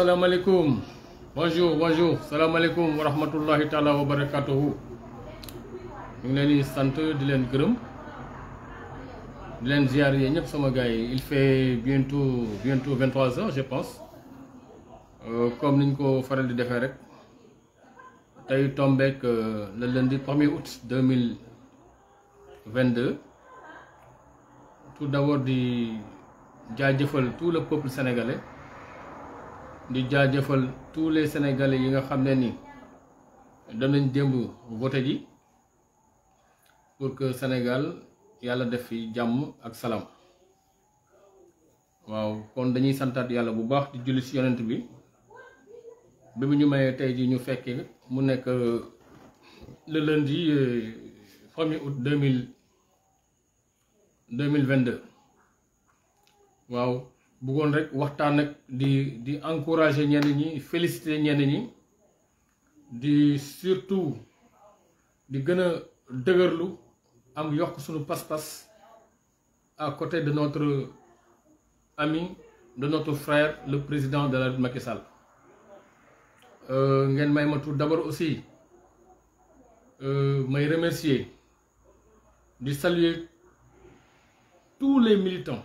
alaikum, bonjour bonjour alaikum, wa rahmatullahi taala wa barakatuhu ñu ngi di il fait bientôt 23 ans, je pense euh, comme Ninko ko faral di il rek euh, le lundi 1er août 2022. tout d'abord di jaajëfal tout le peuple sénégalais di jaajëfal tous les sénégalais yi nga xam ne ni dem nañ démb voté ji pour que senegal yàlla def fi jàmm ak salaam waaw kon dañuy santaat yàlla bu baax di julli ci yonent bi bi mu ñu mayee tey ji ñu fekkee mu nekk euh, le lundi euh, premier août deux mille deux mille vingt-deux waaw. bëggoon rek waxtaan ak di di encourager ñenn ñi féliciter ñenn ñi di surtout di gëna dëgeerlu dëgërlu am yokk suñu pas-pas à côté de notre ami de notre frère le président de la République Macky Sall euh, ngeen tout d'abord aussi euh, may remercier di saluer tous les militants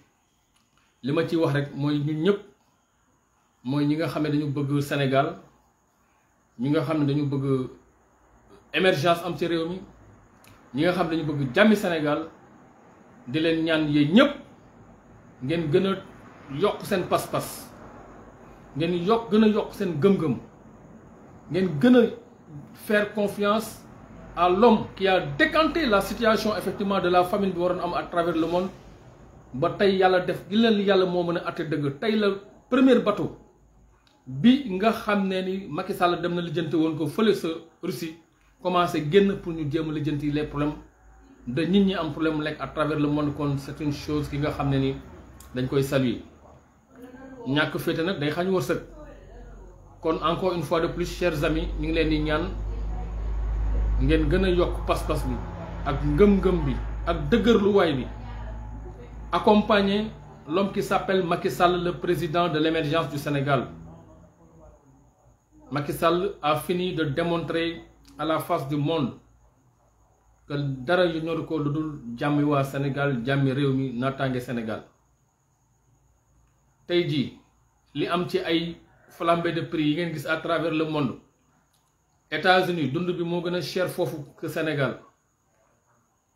li ma wax rek moy ñun ñëpp moy ñi nga dañu Sénégal ñi nga xamné l'émergence de bëgg émergence am ci réew mi ñi nga dañu bëgg Sénégal di leen ñaan ñëpp ngeen pas-pas ngeen yokk gën a yokk faire confiance à l'homme qui a décanté la situation effectivement de la famine bi waroon am à travers le monde ba tay yalla def gi leen yalla mo meuna a deug tay la premier bateau bi nga xamné ni Macky Sall dem na lijjanti won ko feulé sa Russie commencé génn pour ñu jëm a les problèmes de nit ñi am problème lek à travers le monde kon c'est une chose ki nga xamné ni dañ koy saluer ñak fété nak day xañ wërsëg kon encore une fois de plus chers amis ñu ngi leen ni ñaan ngeen gëna yok pass pas-pas bi ak ngëm-ngëm bi ak way bi accompagner l'homme qui s'appelle Macky Sall, le président de l'émergence du Sénégal. Macky Sall a fini de démontrer à la face du monde que dara yu ñoru ko lu Sénégal jàmmi Réumi, Natangé Sénégal tey les li am ci ay de prix gis à travers le monde États-Unis dund bi cher fofu que Sénégal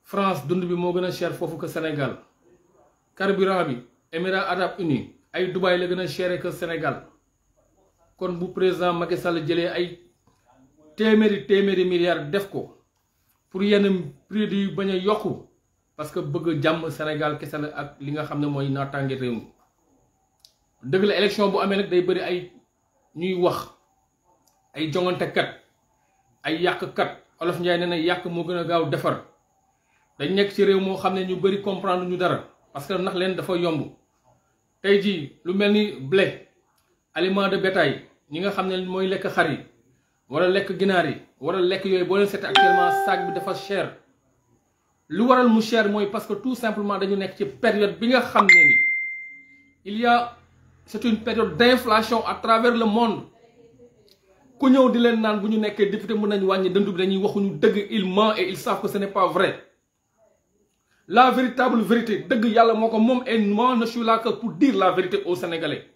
France dund bi cher que Sénégal carburant bi emirat Arab uni ay Dubai la gëna chéré ke que Sénégal kon bu président Macky Sall jëlé ay téméri téméri milliards def ko pour yenn prix du baña yokku parce que bëgg jamm Sénégal kessal ak li nga xamné moy mooy réew deug la élection bu amé nak day bëri ay ñuy wax ay kat ay kat olof ñay nee yak mo gëna gaaw defar dañ nekk ci réew mo xamné ñu bëri comprendre ñu dara parce que nax leen dafa yomb tey jii lu mel ni blé aliment de bétail ñi nga xam ne mooy lekk xar yi wala lekk ginaar yi wala lekk yooyu boo leen seetee actuellement saag bi dafa cher lu waral mu cher mooy parce que tout simplement dañu nekk ci période bi nga xam ne ni il y a c'est une période d'inflation à travers le monde ku ñëw di leen naan bu ñu nekkee député mën nañu wàññi dënd bi dañuy waxuñu dëgg il ment et ils savent que ce pas vrai la véritable vérité dëgg Yalla moko mom et moi je suis là que pour dire la vérité aux Sénégalais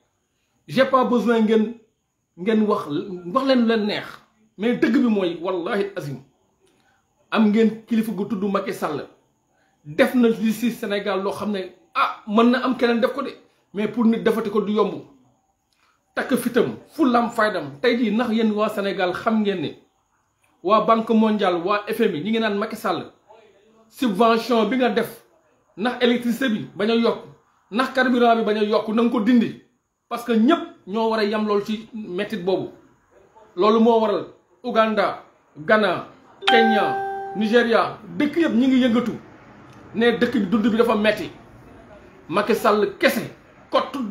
j'ai pas besoin ngeen ngeen wax wax leen leen neex mais deug bi moy wallahi azim am ngeen kilifa gu tuddu Macky Sall def na li si Sénégal lo xamné ah mën na am kenen def ko dé, mais pour nit defati ko du yomb Tak fitam fulam faydam Tay di ndax yéen wa Sénégal xam ngeen ne waa Banque mondiale wa FMI ñi ngi nan Macky Sall subvention bi nga def nak électricité bi baña yok nak carburant bi baña yok nang ko dindi parce que ñep ño wara yam lol ci mettit bobu lolou mo waral Uganda Ghana Kenya Nigeria dekk yeb ñi ngi yëngatu ne dekk bi dund bi dafa metti Macky Sall kese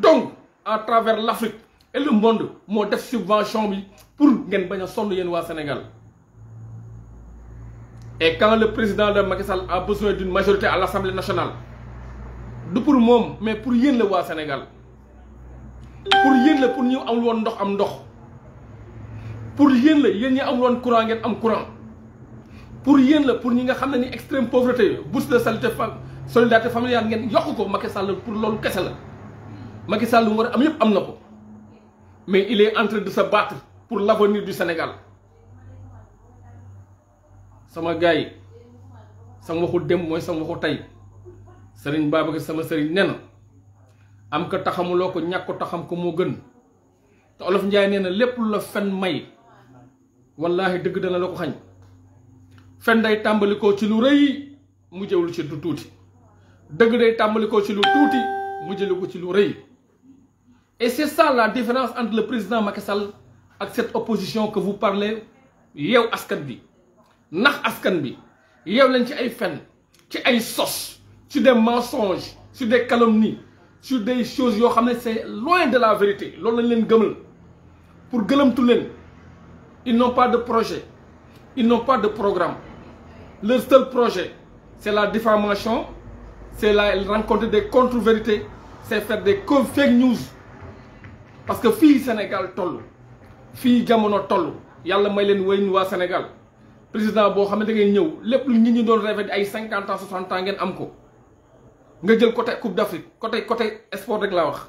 dong à travers l'Afrique et le monde mo def subvention bi pour ngeen baña sonu yeen wa Sénégal Et quand le président de Macky Sall a besoin d'une majorité à l'Assemblée nationale, du pour moi, mais pour yéen le au Sénégal pour yéen le pour nous am woon ndox am ndox pour yéen le yéen ñi am woon courant ngeen am courant pour yéen le pour ñi nga xam ni extrême pauvreté bourse de saleté solidarité familiale ngeen yokk ko Macky Sall pour loolu Macky Sall am am mais il est en train de se battre pour l'avenir du Sénégal sama gars yi sama waxu démb mooy sama waxu tey sëriñ Babacar sama sëriñ nee am ko taxamuloo ko ñàkku taxam ko moo gën te olof Njaay nee na lépp lu la fen may wallaahi dëgg dana la ko xañ fen day ko ci lu rëy mu jëwul ci lu tuuti dëgg day tàmbalikoo ci lu tuuti mu jëlu ko ci lu rëy et c'est différence entre président Macky Sall ak cette opposition que vous parlez yeew askan bi nax askan bi yow lañ ci ay fen ci ay sos sur des mensonges sur des calomnies sur des choses yo xamné c'est loin de la vérité loolu lañ leen gëmal pour gëlëmtu leen ils n'ont pas de projet ils n'ont pas de programme leur seul projet c'est la diffamation c'est la rencontre des contre-vérités c'est faire des fake news parce que fii Sénégal tollu fii jamono tollu yalla may leen wéy wa Sénégal président boo xam ne da ngay ñëw lépp lu nit ñi doon rêvé ay cinquante ans soixante ans ngeen am ko nga jël côté coupe d'Afrique côté côté sport rek laa wax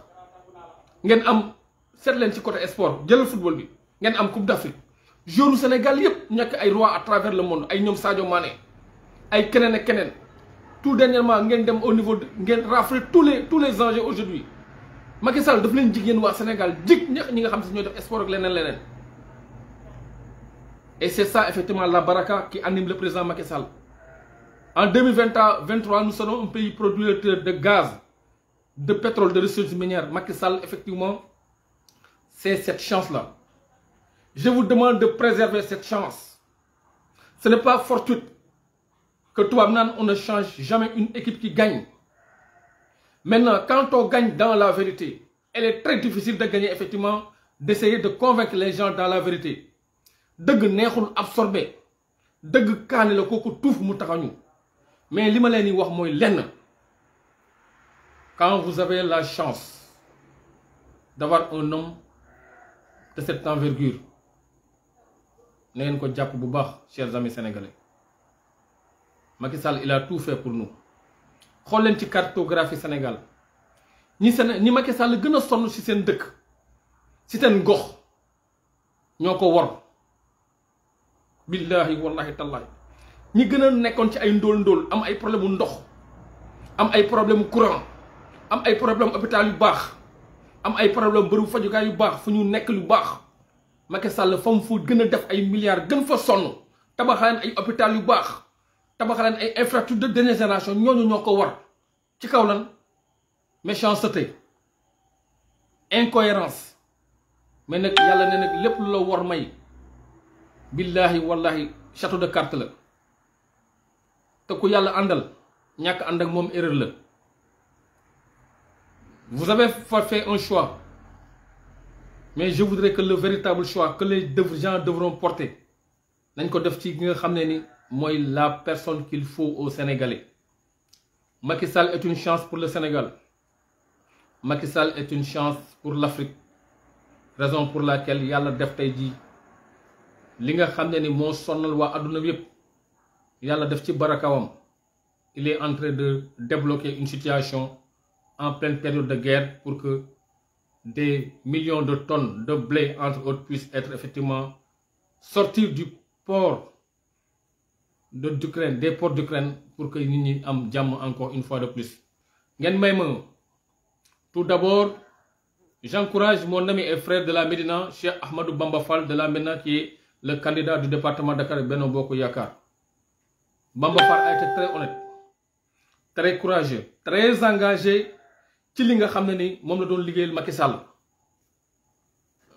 ngeen am seet leen ci côté sport jëlal football bi ngeen am coupe d'Afrique joueur Sénégal yëpp ñàkk ay roi à travers le monde ay ñoom Sadio Mané ay keneen ak keneen tout dernièrement ngeen dem au niveau ngeen rafle tous les tous les enjeux aujourd'hui Macky Sall daf leen jig yéen waa Sénégal ñax ñi nga xam si ñooy def sport ak leneen Et c'est ça, effectivement, la baraka qui anime le président Macky Sall. En 2023, nous serons un pays producteur de gaz, de pétrole, de ressources minières. Macky Sall, effectivement, c'est cette chance-là. Je vous demande de préserver cette chance. Ce n'est pas fortuit que toi, maintenant, on ne change jamais une équipe qui gagne. Maintenant, quand on gagne dans la vérité, elle est très difficile de gagner, effectivement, d'essayer de convaincre les gens dans la vérité deug neexul absorbé deug kaani la kooku tuuf mu taxañu mais lima leni wax moy lenn quand vous avez la chance d'avoir un homme de cette envergure na ko japp bu baax chers amis sénégalais Macky Sall il a tout fait pour nous xol len ci cartographie Sénégal ni Séné ñi Macky Sall gën a ci sen dëkk ci seen gox ñoko wor billaahi wallahi tallahi ñi gën a nekkoon ci ay ndóol ndóol am ay problème mu ndox am ay problème courant am ay problème hôpital yu baax am ay problème bërëbu fajukaay yu baax fu ñu nekk lu baax Macky Sall fam fu gën a def ay milliards gën fa sonn tabaxaleen ay hôpital yu baax tabaxaleen ay infrastructure de dernière génération ñooñu ñoo ko war ci kaw lan méchanceté incohérence mais nag yàlla ne nag lépp lu la war may Billahi wallahi château de carte vous avez fait un choix mais je voudrais que le véritable choix que les gens devront porter nañ ko la personne qu'il faut au Sénégalais Macky Sall est une chance pour le Sénégal Macky Sall est une chance pour l'Afrique raison pour laquelle il y def la dit il est en train de débloquer une situation en pleine période de guerre pour que des millions de tonnes de blé entre autres puissent être effectivement sorties du port de d'Ukraine des ports d'Ukraine pour que nous ñi encore une fois de plus tout d'abord j'encourage mon ami et frère de la Médina Cheikh Ahmadou Bamba Fall de la Médina qui est le candidat du département Dakar Beno Bokk Yakar. Bamba a été très honnête très courageux très engagé ci li nga xam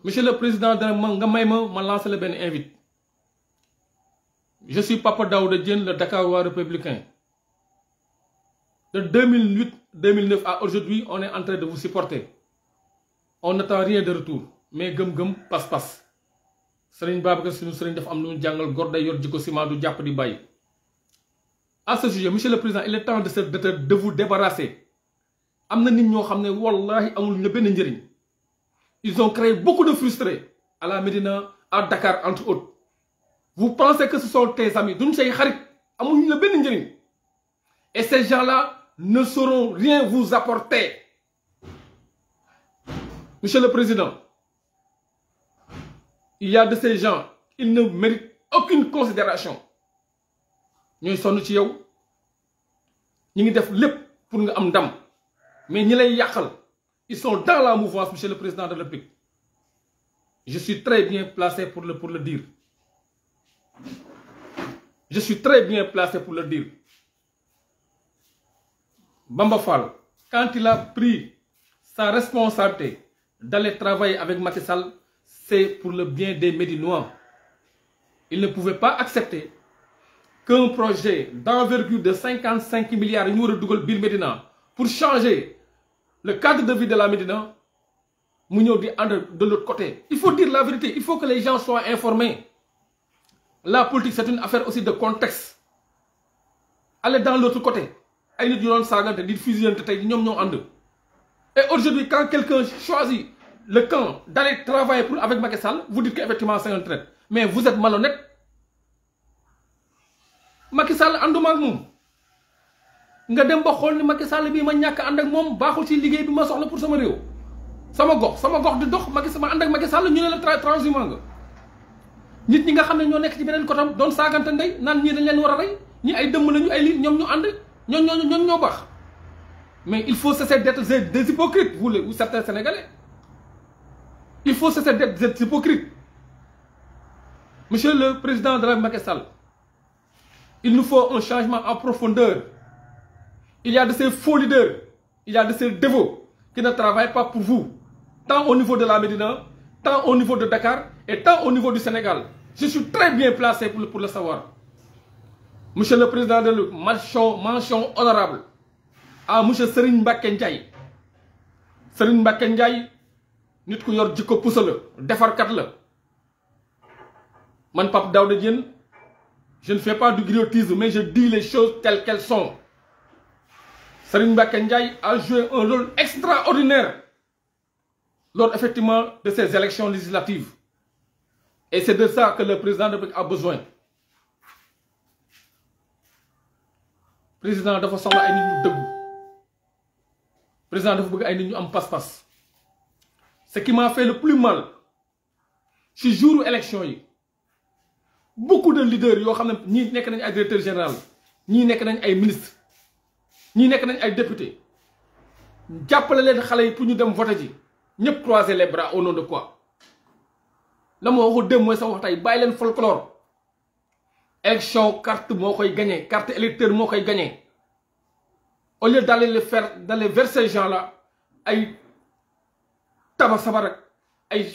monsieur le président je ma lancer la je suis Papa Daouda le Dakarois républicain de 2008 2009 à aujourd'hui on est en train de vous supporter on n'attend rien de retour mais gum passe passe-passe serigne Babacar suñu serigne dafa am lu ñu jàngal góor day yor jiko ciment du japp di bàyyi. à ce sujet monsieur le président il est temps de se de vous débarrasser amna nit ñoo xam ne wallaahi amul na benn njëriñ ils ont créé beaucoup de frustrés à la Médina à Dakar entre autres. vous pensez que ce sont tes amis duñ say xarit amuñu Le benn njëriñ et ces gens-là ne sauront rien vous apporter monsieur le président il y a de ces gens ils ne méritent aucune considération pour nous mais ils sont dans la mouvance monsieur le président de la je suis très bien placé pour le dire je suis très bien placé pour le dire Bamba Fall quand il a pris sa responsabilité d'aller travailler avec Matissal, c'est pour le bien des Médinois. Il ne pouvait pas accepter qu'un projet d'envergure de 55 milliards pour changer le cadre de vie de la Médina mu de l'autre côté. il faut dire la vérité il faut que les gens soient informés la politique c'est une affaire aussi de contexte aller dans l'autre côté et aujourd'hui quand quelqu'un choisit le camp d'aller travailler avec Macky vous dites qu'effectivement c'est un trait. Mais vous êtes malhonnête. Macky Sall ànduma ak vous nga dem ba ni Macky Sall ma ak pour ci ma pour sama sama sama di dox ma ak Macky Sall ñu ne sommes transhumant nga nit ñi nga xam ne ñoo ci ndey dañ leen rey ay lañu ay li mais il faut cesser d'être des hypocrites vous les certains sénégalais. Il faut cesser d'être hypocrite. Monsieur le Président de la il nous faut un changement en profondeur. Il y a de ces faux leaders, il y a de ces dévots qui ne travaillent pas pour vous, tant au niveau de la Médina, tant au niveau de Dakar et tant au niveau du Sénégal. Je suis très bien placé pour, le savoir. Monsieur le Président de la mention, honorable à Monsieur Serine Bakendiaï. Serine Bakendiaï, nit ko yor jikko pusa la kat la man Pape dawda je ne fais pas du griotisme mais je dis les choses telles qu'elles sont Serigne Mbacké a joué un rôle extraordinaire lors effectivement de ces élections législatives et c'est de ça que le président de la République a besoin président de soxla ay nit ñu président de bëgg ay nit ñu am ce qui m'a fait le plus mal ce jour élection yi beaucoup de leaders yoo xam ne directeurs généraux, nañ ay directeur général ñii sont nañ ay ministre ñii nekk nañ ay député jàppale leen xale yi pour ñu dem voter ji ñëpp croiser les bras au nom de quoi la ma waxu dem mooy sa wax tey bàyyi leen folklore élection carte moo koy gagné carte électeur moo gagné au lieu d'aller le faire d'aller vers ces gens là ay sabarak, ay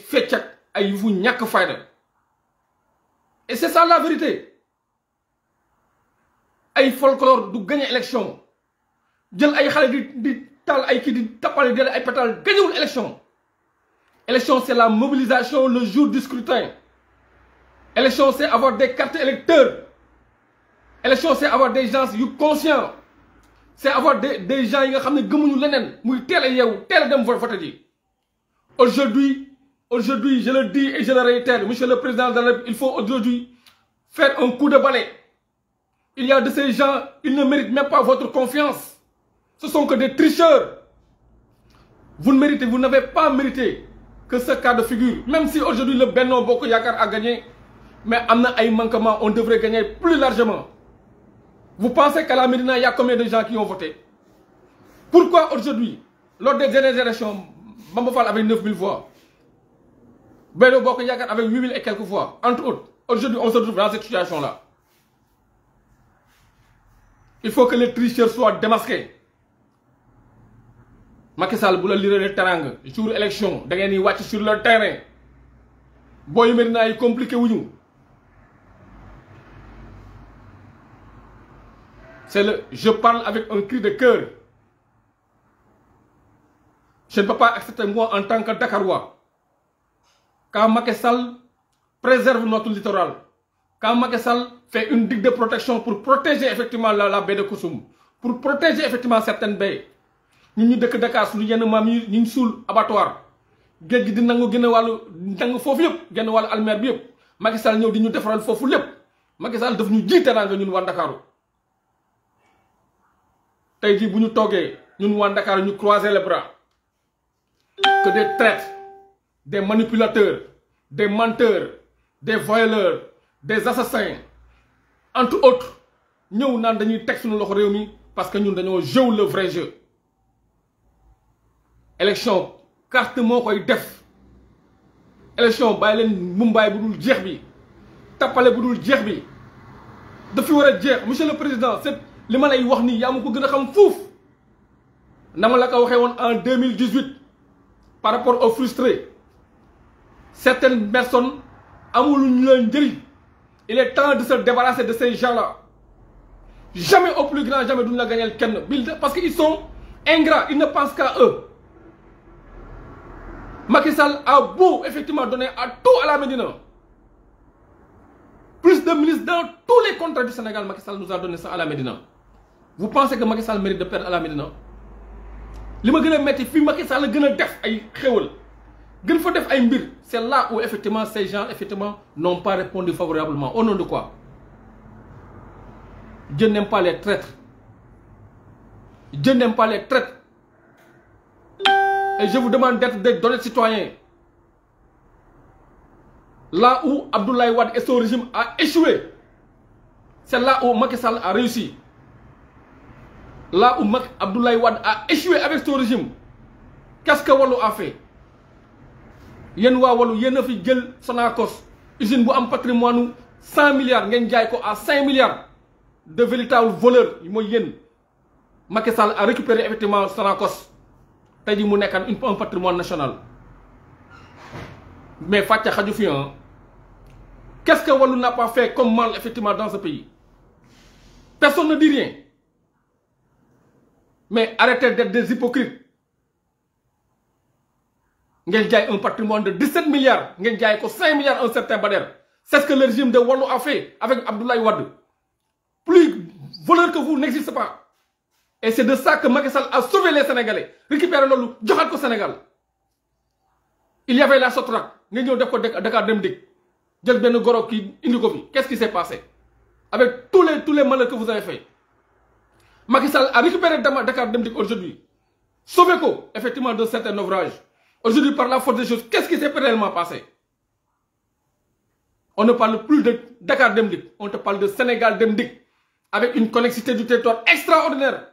et c'est ça la vérité ay folklore du gagner élection Djel ay tal ay di c'est la mobilisation le jour du scrutin élection c'est avoir des cartes électeurs élection c'est avoir des gens conscients c'est avoir des gens qui nga que muy Aujourd'hui, aujourd'hui, je le dis et je le réitère, Monsieur le Président il faut aujourd'hui faire un coup de balai. Il y a de ces gens, ils ne méritent même pas votre confiance. Ce sont que des tricheurs. Vous ne méritez, vous n'avez pas mérité que ce cas de figure, même si aujourd'hui le Beno Boko Yakar a gagné, mais amna eu manquement, on devrait gagner plus largement. Vous pensez qu'à la Médina, il y a combien de gens qui ont voté Pourquoi aujourd'hui, lors des dernières élections, Bamba Fall avait 9000 voix. Bello Boko Yagan avait 8000 et quelques voix, entre autres. Aujourd'hui, on se trouve dans cette situation-là. Il faut que les tricheurs soient démasqués. Macky Sall bu lire le terrain jour l'élection, da ngeen watch sur le terrain Boye Merina est compliqué c'est le je parle avec un cri de cœur je ne peux pas accepter moi en tant que Dakarois. Quand Macky Sall préserve notre littoral, quand Macky Sall fait une digue de protection pour protéger effectivement la, baie de Koussoum, pour protéger effectivement certaines baies, nous sommes dëkk Dakar suñu yenn maam yi ñu suul abattoir qui gi di nangu génn wàllu nangu foofu yëpp génn wàllu almer bi yëpp Macky Sall ñëw di ñu defaral foofu lépp Macky Sall daf ñu jiite naa nga ñun waa Ndakaaru tey jii bu ñu toogee nous waa ñu croiser les bras que des traîtres, des manipulateurs, des menteurs, des violeurs, des assassins, entre autres, nous avons dañuy texte suñu loxo parce que nous avons jouer le vrai jeu élection carte moo def élection bàyyi Mumbai mumbaay Djerbi, tapale jeex bi De fiore dul monsieur le président c'est le mal. lay wax nii a xam en 2018 par rapport aux frustrés certaines personnes à dit. il est temps de se débarrasser de ces gens-là jamais au plus grand jamais nous la gagner le build parce qu'ils sont ingrats ils ne pensent qu'à eux Macky Sall a beau effectivement donner à tout à la Médina plus de ministres dans tous les contrats du Sénégal Macky Sall nous a donné ça à la Médina vous pensez que Macky Sall mérite de perdre à la Médina c'est là où effectivement ces gens effectivement n'ont pas répondu favorablement au nom de quoi Dieu n'aime pas les traîtres Dieu n'aime pas les traîtres et je vous demande d'être des honnêtes citoyens là où Abdoulaye Wade et son régime a échoué c'est là où Macky a réussi là où Mac Abdoulaye Wade a échoué avec son régime qu'est-ce que walou a fait Il y a fi usine bu un patrimoine de 100 milliards il y ko à 5 milliards de véritables voleurs y a un a récupéré effectivement Sonacos T'as dit mu un patrimoine national mais Fatia xaju fi qu'est-ce que Wallu n'a pas fait comme mal effectivement dans ce pays personne ne dit rien mais arrêtez d'être des hypocrites Vous avez un patrimoine de 17 milliards Vous avez 5 milliards en certain Bader c'est ce que le régime de Wallou a fait avec Abdoulaye Wade plus voleur que vous n'existe pas et c'est de ça que Macky Sall a sauvé les Sénégalais récupéré loolu joxaat ko Sénégal il y avait la Sotra, Nous avons def ko Dakar Dem qu'est-ce qui s'est passé avec tous les tous les malheurs que vous avez faits. Macky a récupéré Dakar Demdik aujourd'hui. Sauvé quoi, effectivement, de certains ouvrages. Aujourd'hui, par la force des choses, qu'est-ce qui s'est réellement passé On ne parle plus de Dakar Demdik, on te parle de Sénégal Demdik, avec une connexité du territoire extraordinaire.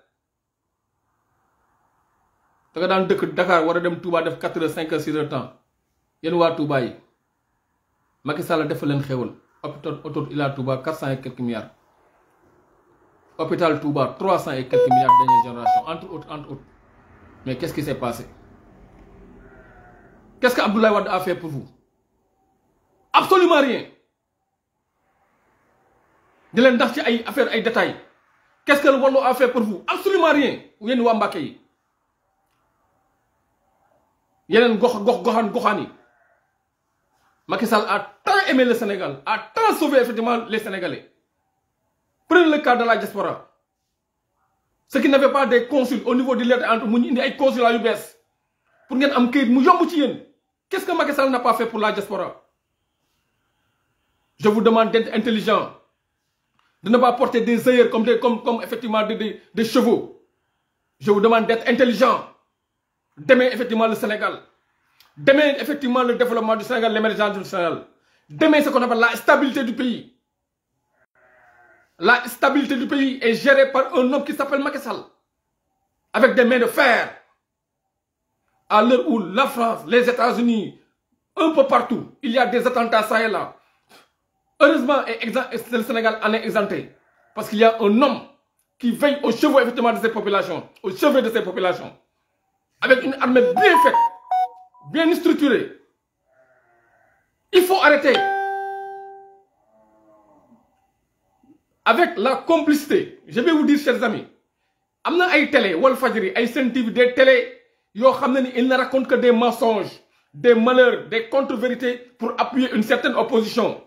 Tu as dans Dakar on a dem Touba def quatre heures cinq heures y heures temps yéen waa Touba yi Macky Sall dafa leen autour Ila Touba quatre et quelques milliards. Hôpital Touba, 300 et quelques milliards de dernière génération, entre autres, entre autres. Mais qu'est-ce qui s'est passé Qu'est-ce qu'Abdoulaye Wade a fait pour vous Absolument rien. De affaire détails qu'est-ce que le Wallo a fait pour vous absolument rien Vous êtes Mbàkke Il y a a tant aimé le Sénégal a tant sauvé effectivement les Sénégalais Prenez le cas de la diaspora. Ceux qui n'avaient pas des consuls au niveau de lettres entre nous, des consuls à l'UBS. Pour qu'on am un un yomb Qu'est-ce que Macky n'a pas fait pour la diaspora Je vous demande d'être intelligent. De ne pas porter des œillères comme, des, comme, comme effectivement des, des, chevaux. Je vous demande d'être intelligent. Demain, effectivement le Sénégal. Demain, effectivement le développement du Sénégal, l'émergence du Sénégal. Demain, ce qu'on appelle la stabilité du pays. La stabilité du pays est gérée par un homme qui s'appelle Macky avec des mains de fer. À l'heure où la France, les États-Unis, un peu partout, il y a des attentats ça et là. Heureusement, le Sénégal en est exempté. Parce qu'il y a un homme qui veille au chevaux de ces populations, aux cheveux de ces populations, avec une armée bien faite, bien structurée. Il faut arrêter. avec la complicité je vais vous dire chers amis y a ay télé Walfadjri ay TV des télé ne il ne raconte que des mensonges des malheurs des contre-vérités pour appuyer une certaine opposition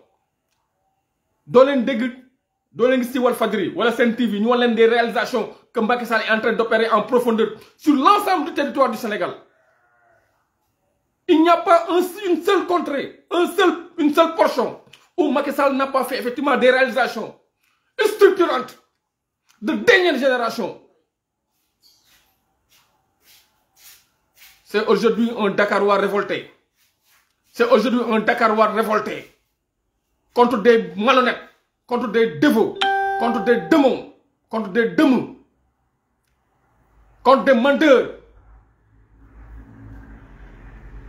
Dans leen dégg TV ñu avons des réalisations que Macky est en train d'opérer en profondeur sur l'ensemble du territoire du Sénégal il n'y a pas une seule contrée une seule portion où Macky Sall n'a pas fait effectivement des réalisations structurante de dernière génération. C'est aujourd'hui un Dakaroua révolté. C'est aujourd'hui un Dakarois révolté contre des malhonnêtes, contre des dévots, contre des démons, contre des démons, contre des menteurs.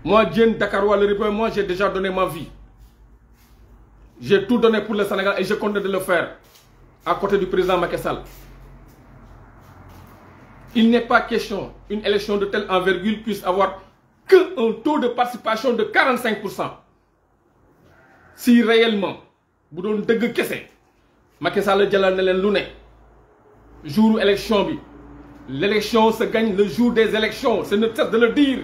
Moi, jeune Dakarois, le moi j'ai déjà donné ma vie. J'ai tout donné pour le Sénégal et je compte de le faire à côté du président Macky Il n'est pas question une élection de telle envergure puisse avoir qu'un taux de participation de 45%. Si réellement, vous donnez deug kessé Macky Sall le na jour où l'élection l'élection se gagne le jour des élections, c'est notre tête de le dire.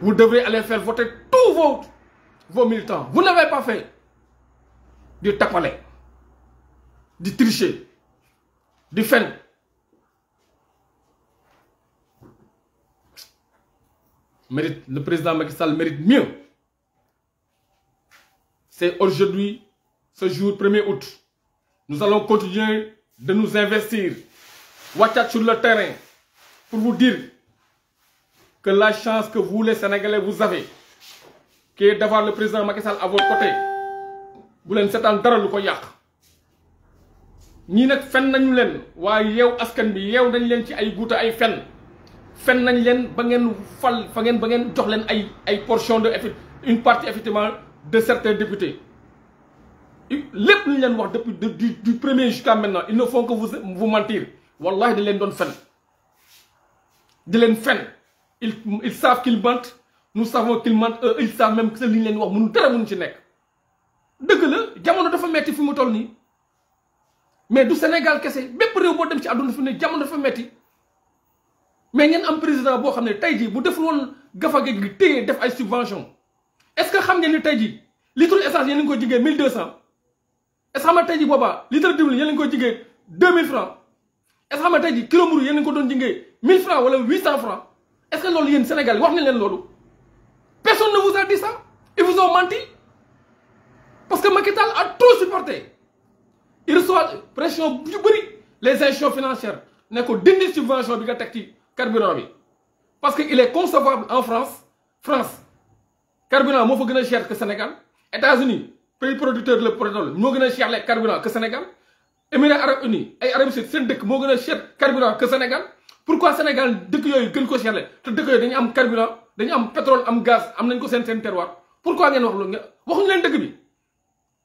Vous devrez aller faire voter tous vos, militants. Vous n'avez pas fait du tapalet de tricher du faire, le président Macky Sall mérite mieux c'est aujourd'hui ce jour 1er août nous allons continuer de nous investir Watchat sur le terrain pour vous dire que la chance que vous les Sénégalais vous avez qui est d'avoir le président Macky Sall à votre côté vous l'avez en ñii nak fenn nañu leen waaye yeew askan bi yeew nañ len ci ay guuta ay fenn fenn nañ len ba ngeen fal fa ngeen ba ngeen jox len ay ay portion de une partie effectivement de certains députés lépp lu ñu len wax depuis du du premier jusqu'à maintenant ils ne font que vous vous mentir wallahi di len don fenn de len fenn ils ils savent qu'ils mentent nous savons qu'ils mentent eux ils savent même que li ñu leen wax mënu dara mënu ci nek dëgg la jamono dafa metti fi mu toll nii mais du Sénégal kese bépp réew boo dem ci àdduna fi ne dafa metti mais président qui ne bu un gafa subvention est-ce que vous savez que litre essence vous est-ce que vous nga 2000 francs? litre d'huile yéen francs est-ce que vous nga dit kilo francs ou 800 francs est-ce que vous yéen Sénégal Vous wax nañ personne ne vous a dit ça ils vous ont menti parce que Macky a tout supporté il reçoit pression du bruit les institutions financières ne ko dindi subvention bi nga carburant bi parce que il est concevable en France France carburant moo fa cher que Sénégal États-Unis pays producteur le pétrole moo gën cher les carburant que Sénégal Émirats arabes unis ay Arabes saoudite seen dëkk moo cher carburant que Sénégal pourquoi Sénégal dëkk yooyu gën ko cher le te dëkk yooyu dañu am carburant dañu am pétrole am gaz am nañ ko seen seen terroir pourquoi ngeen wax loolu waxuñu leen dëgg bi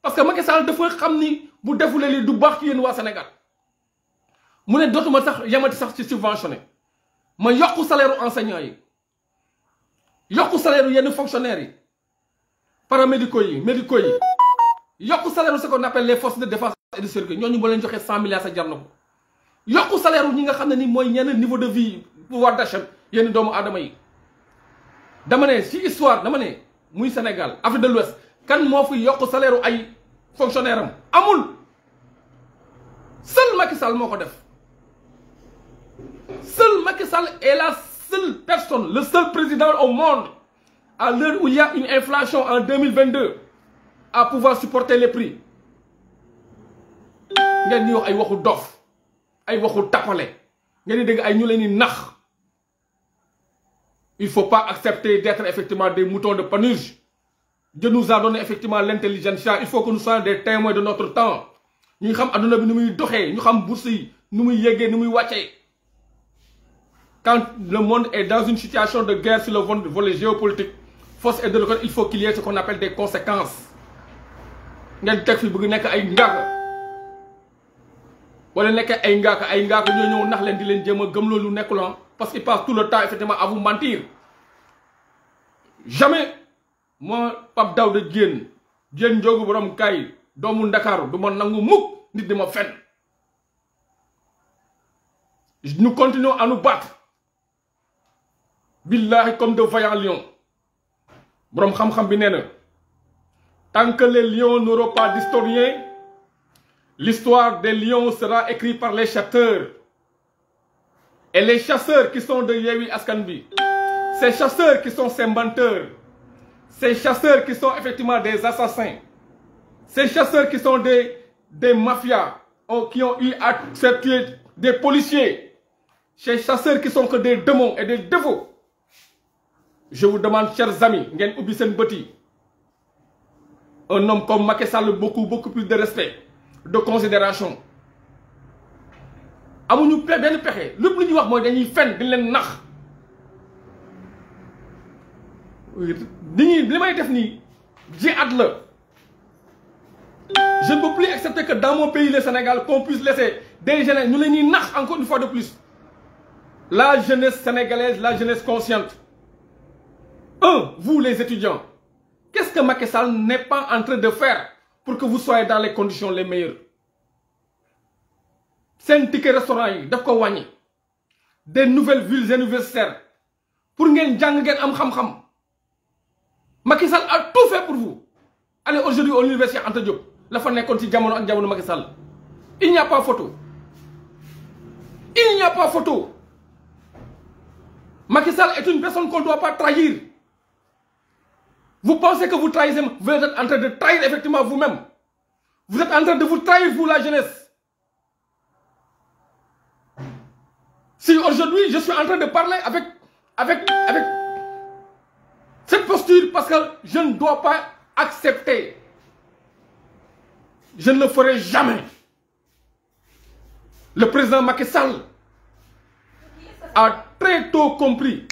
parce que Macky Sall dafa xam ni bu defulee li du baax ci yéen waa Sénégal mu ne dootuma sax yamati sax ci subventionné ma yokku salaire enseignant yi yokku salaire yenn fonctionnaires yi paramédicaux yi médicaux yi yokku salaire ce qu'on appelle les forces de défense et de sécurité ñu ba leen joxee cent milliards sa jar yokku salaire ñi nga xam ne ni mooy niveau de vie pouvoir d'achat yenn doomu adama yi dama ne ci histoire dama ne muy Sénégal Afrique de l'Ouest kan moo fi yokku salaire ay fonctionnaire seul Macky Sall seul Macky est la seule personne le seul président au monde à l'heure où il y a une inflation en 2022 à pouvoir supporter les prix Il ne il faut pas accepter d'être effectivement des moutons de Panurge Dieu nous a donné effectivement l'intelligence. Il faut que nous soyons des témoins de notre temps. Nous savons aduna bi nous doxé, nous savons bourse nous muy yégué, nous muy waccé. Quand le monde est dans une situation de guerre sur le volet géopolitique, force est de reconnaître il faut qu'il y ait ce qu'on appelle des conséquences. ngeen teg fi bëgg nekk ay ngaaka wala nekk ay ngaaka ay ngaaka ñoo ñëw nax leen di leen jéem gëm loolu nekkuloon ah. parce qu'il passe tout le temps effectivement à vous mentir jamais moi, Pape Daouda genn genn jogu borom kay domou Ndakaaru du mukk nit ma nous continuons à nous battre billahi comme de vaillants lions borom xam tant que les lions n'auront pas d'historien l'histoire des lions sera écrite par les chasseurs et les chasseurs qui sont de Yewi Askanbi. ces chasseurs qui sont ces menteurs ces chasseurs qui sont effectivement des assassins, ces chasseurs qui sont des, des mafias, oh, qui ont eu à tuer des policiers, ces chasseurs qui sont que des démons et des dévots. Je vous demande, chers amis, un homme comme Macky Sall, beaucoup, beaucoup plus de respect, de considération. bien Le plus je ne peux plus accepter que dans mon pays le Sénégal qu'on puisse laisser des jeunes Nous les ñuy encore une fois de plus la jeunesse sénégalaise la jeunesse consciente un vous les étudiants qu'est-ce que Macky n'est pas en train de faire pour que vous soyez dans les conditions les meilleures un ticket restaurant yi daf des nouvelles villes universitaires pour que vous am Makissal a tout fait pour vous allez aujourd'hui à l'université Anta Diop la femme est ci jamono ak jamono il n'y a pas photo il n'y a pas photo Makissal est une personne qu'on ne doit pas trahir vous pensez que vous trahissez vous êtes en train de trahir effectivement vous-même vous êtes en train de vous trahir vous la jeunesse si aujourd'hui je suis en train de parler avec avec avec cette posture, parce que je ne dois pas accepter. Je ne le ferai jamais. Le président Macky Sall a très tôt compris,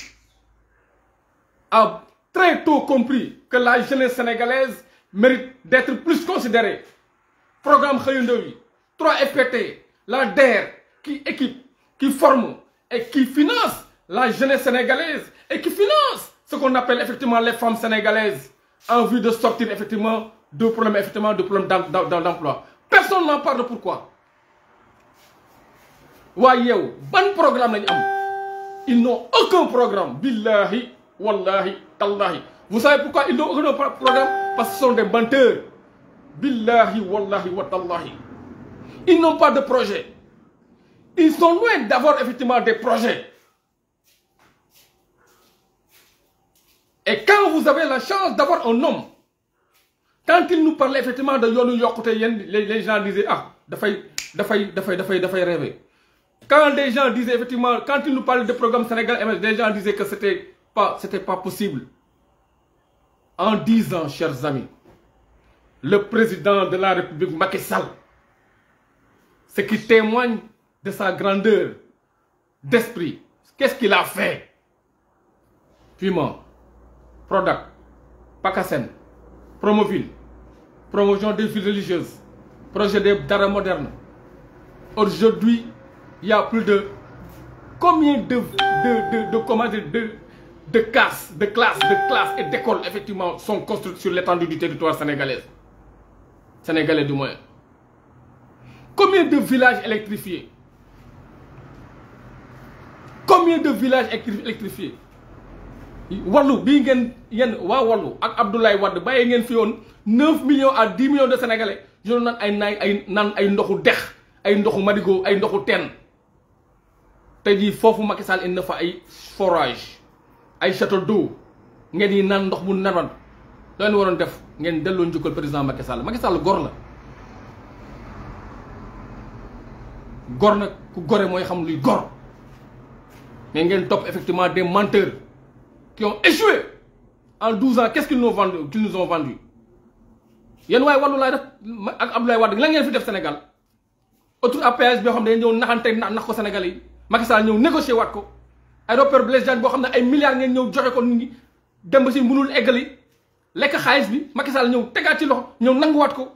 a très tôt compris que la jeunesse sénégalaise mérite d'être plus considérée. Programme Khayundoui, 3 FPT, la DER qui équipe, qui forme et qui finance la jeunesse sénégalaise et qui finance ce qu'on appelle effectivement les femmes sénégalaises en vue de sortir effectivement de problèmes effectivement de problèmes d'emploi. Personne n'en parle pourquoi. voyez bon programme Ils n'ont aucun programme. Billahi, wallahi, tallahi. Vous savez pourquoi ils n'ont aucun programme Parce qu'ils sont des menteurs. Billahi, wallahi, wallahi. Ils n'ont pas de projet. Ils sont loin d'avoir effectivement des projets. Et quand vous avez la chance d'avoir un homme, quand il nous parlait effectivement de Yonou Yokote, les gens disaient Ah, il Dafay, rêver. Quand des gens disaient effectivement, quand il nous parlait de programme Sénégal MS, les gens disaient que c'était pas, c'était pas possible. En disant, chers amis, le président de la République Macky Sall, ce qui témoigne de sa grandeur d'esprit, qu'est-ce qu'il a fait? Puis moi, Prodac Pacassène, Promoville promotion des villes religieuses projet des Dara modernes aujourd'hui il y a plus de combien de de de de de classes de classes de classes et d'écoles effectivement sont construites sur l'étendue du territoire sénégalais sénégalais du moins combien de villages électrifiés combien de villages électrifiés wallu bii ngeen yéen waa wallu ak Abdoulaye Wade bàyyee ngeen fi woon neuf millions à dix millions de sénégalais ñu naan ay naay ay naan ay ndoxu dex ay ndoxu marigot ay ndoxu teen tey jii foofu Macky Sall indi fa ay forage ay château d'eau ngeen yi naan ndox bu naroon loolu waroon def ngeen delloo njukkal président Macky Sall Macky Sall gor la gor na ku gore mooy xam luy gor mais ngeen topp effectivement de manteur qui ont échoué en 12 ans, qu'est-ce qu'ils nous, qu nous, ont vendu Yen way walu lay def ak Abdoulaye Wade la ngeen fi def Sénégal autour APS bi xamne ñew naxante nax ko Sénégal yi Macky Sall ñew négocier wat ko aéroport Blaise Diagne bo xamne ay milliards ngeen ñew joxé ko nit ñi dem ba ci mënul égali lek xaliss bi Macky Sall ñew tégat ci loxo ñew nangu wat ko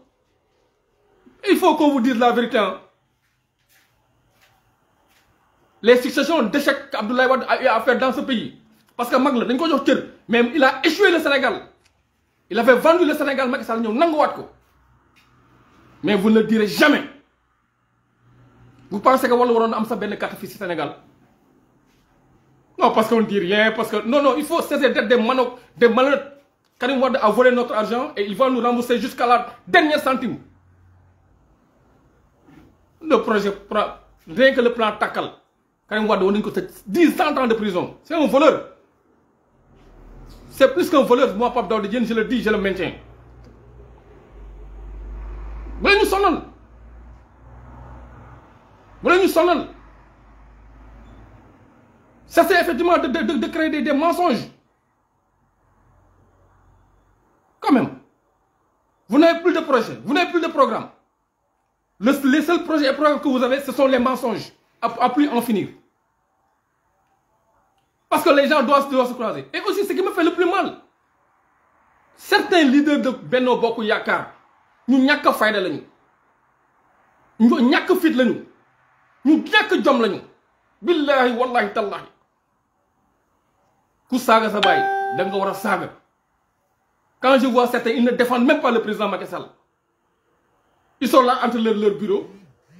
il faut qu'on vous dise la vérité hein. les successions d'échec qu'Abdoulaye Wade a eu à faire dans ce pays parce que mag il a échoué le Sénégal il avait vendu le Sénégal Macky Sall mais vous ne le direz jamais vous pensez que vous waroon am sa benn carte Sénégal non parce qu'on ne dit rien parce que non non il faut cesser d'être des mano des malhonnêtes Karim Wad a volé notre argent et il va nous rembourser jusqu'à la dernière centime le projet rien que le plan Takal, Karim wad on 10 ans de prison c'est un voleur c'est plus qu'un voleur, moi, Pape Daoud je le dis, je le maintiens. Vous nous sonnons. Vous nous sonner Ça, c'est effectivement de, créer des, mensonges. Quand même. Vous n'avez plus de projet, vous n'avez plus de programme. les seuls projets et programmes que vous avez, ce sont les mensonges. à, à plus en finir. Parce que les gens doivent, se croiser. Et aussi, ce qui me fait le plus mal, certains leaders de Benno Bokk Yakar. ñu ñàkk fayda lañu ñu nous fit lañu ñu ñàkk jom lañu de nous. faire. ku saaga sa baay da nga war a quand je vois certains ils ne défendent même pas le président Macky Sall ils sont là entre leurs bureaux.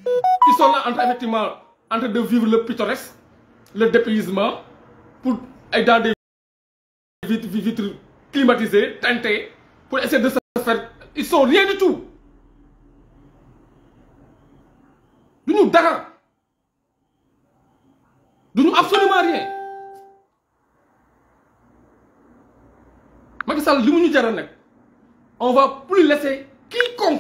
ils sont là entre effectivement entre de vivre le pittoresque le dépaysement pour être dans des vitres, climatisées, teintées, pour essayer de se faire. Ils sont rien du tout. Nous nous Ils Nous nous absolument rien. Macky Sall ce que nous on va plus laisser